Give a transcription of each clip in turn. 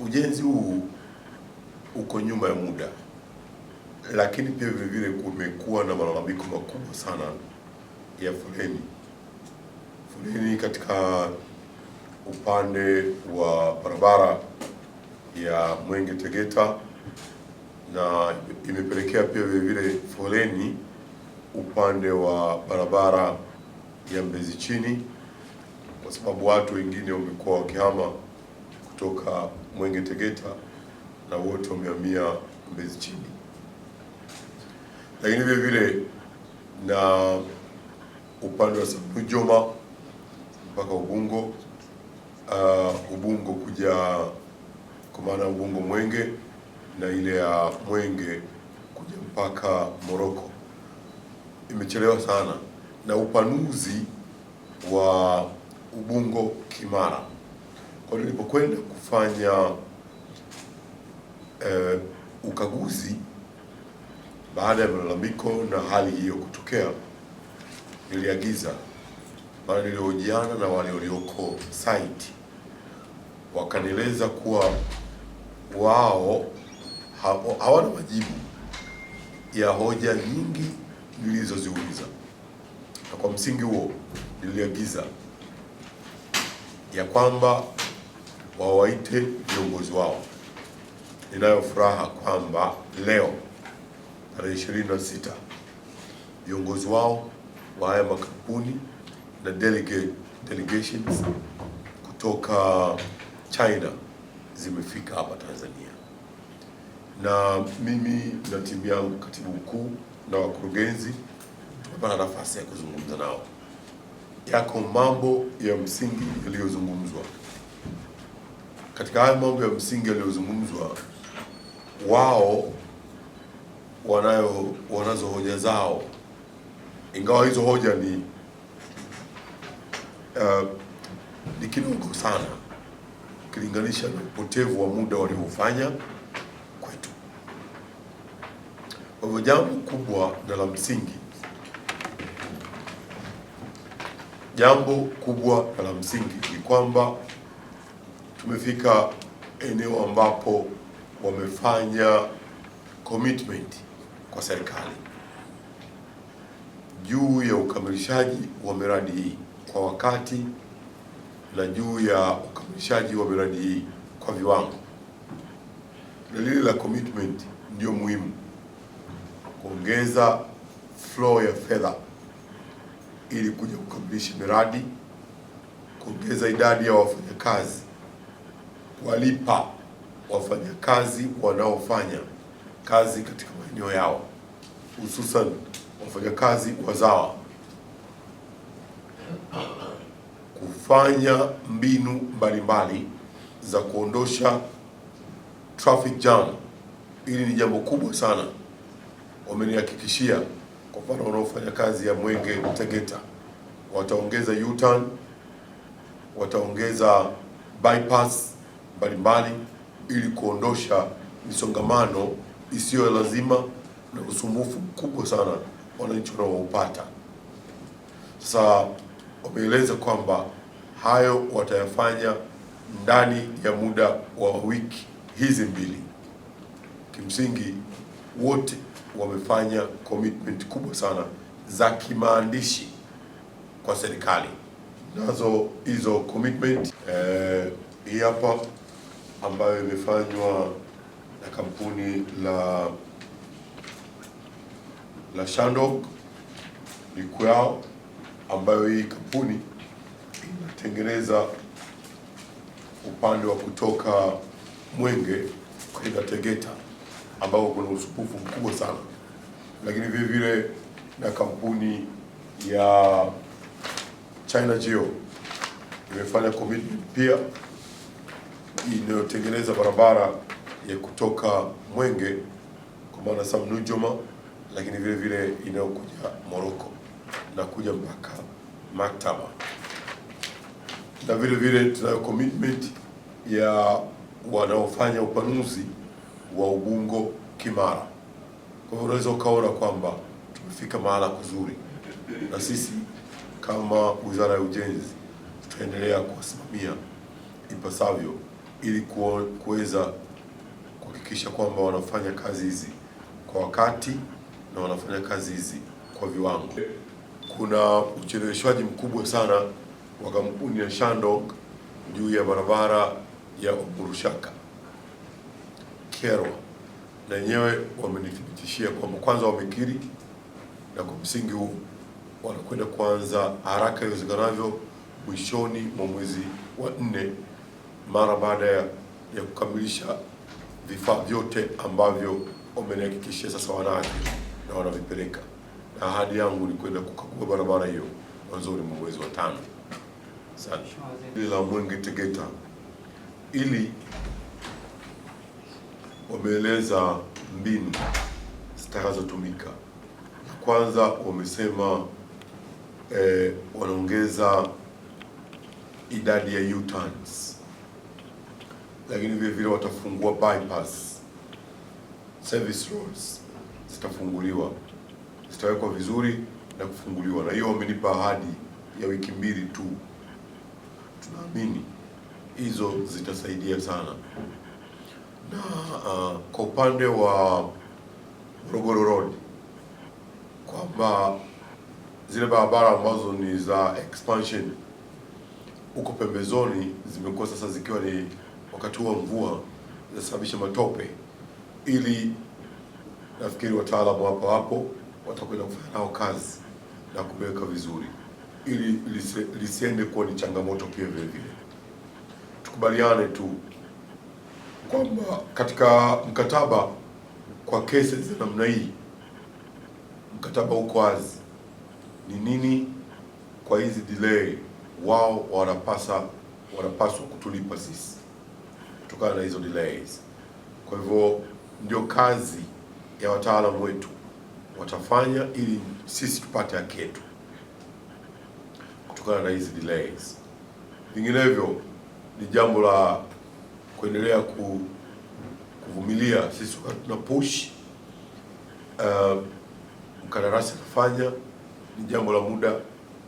ujenzi huu uko nyuma ya muda, lakini pia vile vile kumekuwa na malalamiko makubwa sana ya foleni foleni katika upande wa barabara ya Mwenge Tegeta, na imepelekea pia vile vile foleni upande wa barabara ya Mbezi Chini, kwa sababu watu wengine wamekuwa wakihama kutoka Mwenge Tegeta, na wote wamehamia Mbezi chini. Lakini vile vile na upande wa Sabujoma mpaka Ubungo, uh, Ubungo kuja kwa maana Ubungo Mwenge na ile ya Mwenge kuja mpaka Moroko imechelewa sana, na upanuzi wa Ubungo Kimara kwa hiyo nilipokwenda kufanya eh, ukaguzi baada ya malalamiko na hali hiyo kutokea, niliagiza mara niliohojiana na wale walioko site wakanieleza kuwa wao hawana majibu ya hoja nyingi nilizoziuliza, na kwa msingi huo niliagiza ya kwamba wawaite viongozi wao. Ninayo furaha kwamba leo tarehe ishirini na sita viongozi wao wa haya makampuni na delegate, delegations kutoka China zimefika hapa Tanzania, na mimi na timu yangu, katibu mkuu na wakurugenzi, tumepata nafasi ya kuzungumza nao. Yako mambo ya msingi yaliyozungumzwa katika haya mambo ya msingi yaliyozungumzwa, wao wanayo wanazo hoja zao, ingawa hizo hoja ni uh, ni kidogo sana ukilinganisha na upotevu wa muda waliofanya kwetu. Kwa hivyo jambo kubwa na la msingi, jambo kubwa na la msingi ni kwamba tumefika eneo ambapo wamefanya commitment kwa serikali juu ya ukamilishaji wa miradi hii kwa wakati na juu ya ukamilishaji wa miradi hii kwa viwango. Dalili la commitment ndio muhimu kuongeza flow ya fedha ili kuja kukamilisha miradi, kuongeza idadi ya wafanyakazi kuwalipa wafanyakazi wanaofanya kazi katika maeneo yao, hususan wafanyakazi wazawa, kufanya mbinu mbalimbali za kuondosha traffic jam. Hili ni jambo kubwa sana, wamenihakikishia. Kwa mfano, wanaofanya kazi ya Mwenge Tegeta wataongeza U-turn, wataongeza bypass mbalimbali ili kuondosha misongamano isiyo lazima na usumbufu mkubwa sana wananchi wanaoupata. Sasa wameeleza kwamba hayo watayafanya ndani ya muda wa wiki hizi mbili. Kimsingi wote wamefanya commitment kubwa sana za kimaandishi kwa serikali, nazo hizo commitment eh, hii hapa ambayo imefanywa na kampuni la la Shandong Liquiao, ambayo hii kampuni inatengeneza upande wa kutoka Mwenge kwenda Tegeta ambao kuna usumbufu mkubwa sana, lakini vile vile na kampuni ya China Geo imefanya commitment pia inayotengeneza barabara ya kutoka Mwenge kwa maana Samnujoma, lakini vile vile inayokuja Moroko na kuja mpaka Maktaba, na vile vile tunayo commitment ya wanaofanya upanuzi wa Ubungo Kimara. Kwa hiyo unaweza ukaona kwamba tumefika mahala kuzuri, na sisi kama Wizara ya Ujenzi tutaendelea kuwasimamia ipasavyo ili kuweza kuhakikisha kwamba wanafanya kazi hizi kwa wakati na wanafanya kazi hizi kwa viwango. Kuna ucheleweshwaji mkubwa sana wa kampuni ya Shandong juu ya barabara ya Omurushaka Kerwa, na wenyewe wamenithibitishia kwamba kwanza wamekiri, na kwa msingi huu wanakwenda kuanza haraka iwezekanavyo mwishoni mwa mwezi wa nne mara baada ya, ya kukamilisha vifaa vyote ambavyo wamenihakikishia sasa wanavyo na wanavipeleka, na ahadi yangu ni kwenda kukagua barabara hiyo mwanzoni mwa mwezi wa tano la Mwenge Tegeta, ili wameeleza mbinu zitakazotumika. Na kwanza wamesema eh, wanaongeza idadi ya U-turns lakini vile vile watafungua bypass service roads zitafunguliwa, zitawekwa vizuri na kufunguliwa, na hiyo wamenipa ahadi ya wiki mbili tu. Tunaamini hizo zitasaidia sana. Na uh, kwa upande wa Morogoro Road kwamba zile barabara ambazo ni za expansion huko pembezoni zimekuwa sasa zikiwa ni wakati huo mvua zinasababisha matope, ili nafikiri wataalamu hapo hapo watakwenda kufanya nao kazi na kumeweka vizuri ili lise, lisiende kuwa ni changamoto pia vile vile. Tukubaliane tu kwamba katika mkataba kwa kesi za namna hii mkataba uko wazi ni nini. Kwa hizi delay wao wanapasa wanapaswa kutulipa sisi kutokana na hizo delays. Kwa hivyo ndio kazi ya wataalamu wetu watafanya ili sisi tupate haki yetu kutokana na hizi delays. Vinginevyo ni jambo la kuendelea ku, kuvumilia. Sisi tuna push uh, mkandarasi atafanya, ni jambo la muda,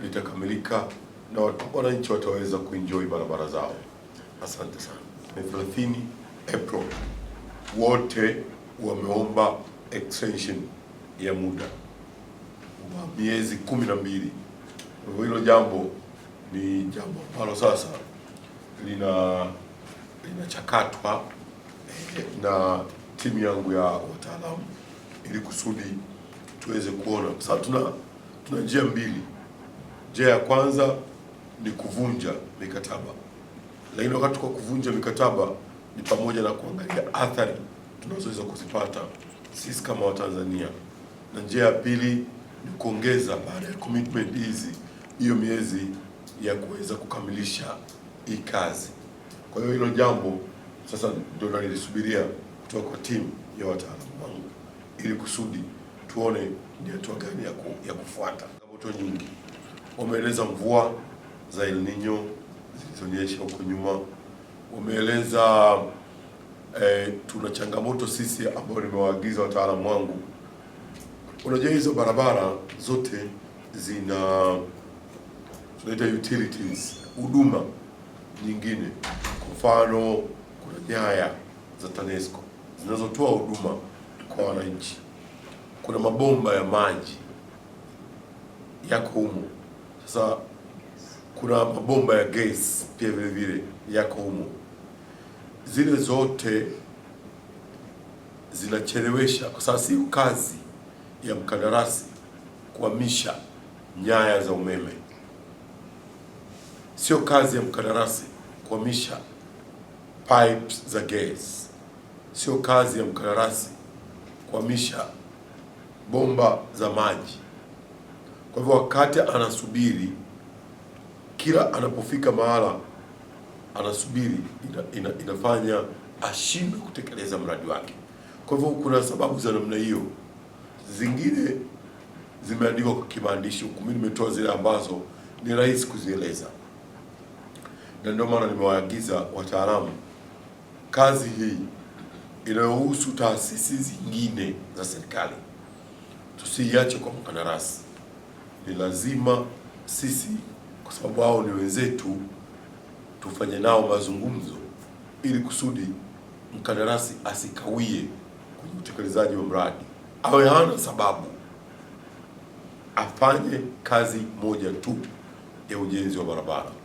litakamilika na wananchi wataweza kuenjoy barabara zao. Asante sana na 30 April wote wameomba extension ya muda wa miezi kumi na mbili. Kwa hivyo hilo jambo ni jambo ambalo sasa lina linachakatwa eh, na timu yangu ya wataalamu ili kusudi tuweze kuona. Sasa tuna tuna njia mbili. Njia ya kwanza ni kuvunja mikataba lakini wakati kwa kuvunja mikataba ni pamoja na kuangalia athari tunazoweza kuzipata sisi kama Watanzania, na njia ya pili ni kuongeza baada ya commitment hizi hiyo miezi ya kuweza kukamilisha hii kazi. Kwa hiyo hilo jambo sasa ndio nalisubiria kutoka kwa timu ya wataalamu wangu ili kusudi tuone ni hatua gani ya kufuata. Changamoto nyingi wameeleza, mvua za El Nino zilizoonyesha huko nyuma. Wameeleza e, eh, tuna changamoto sisi ambayo nimewaagiza wataalamu wangu. Unajua hizo barabara zote zina tunaita utilities, huduma nyingine. Kwa mfano, kuna nyaya za TANESCO zinazotoa huduma kwa wananchi, kuna mabomba ya maji yako humo sasa kuna mabomba ya gesi pia vile vile yako humo. Zile zote zinachelewesha, kwa sababu si kazi ya mkandarasi kuhamisha nyaya za umeme, sio kazi ya mkandarasi kuhamisha pipes za gesi, sio kazi ya mkandarasi kuhamisha bomba za maji. Kwa hivyo wakati anasubiri kila anapofika mahala anasubiri ina, ina, inafanya ashindwe kutekeleza mradi wake. Kwa hivyo kuna sababu za namna hiyo, zingine zimeandikwa kwa kimaandishi huku, mimi nimetoa zile ambazo ni rahisi kuzieleza, na ndio maana nimewaagiza wataalamu kazi hii inayohusu taasisi zingine za serikali tusiiache kwa mkandarasi, ni lazima sisi kwa sababu hao ni wenzetu, tufanye nao mazungumzo ili kusudi mkandarasi asikawie kwenye utekelezaji wa mradi, awe hana sababu, afanye kazi moja tu ya ujenzi wa barabara.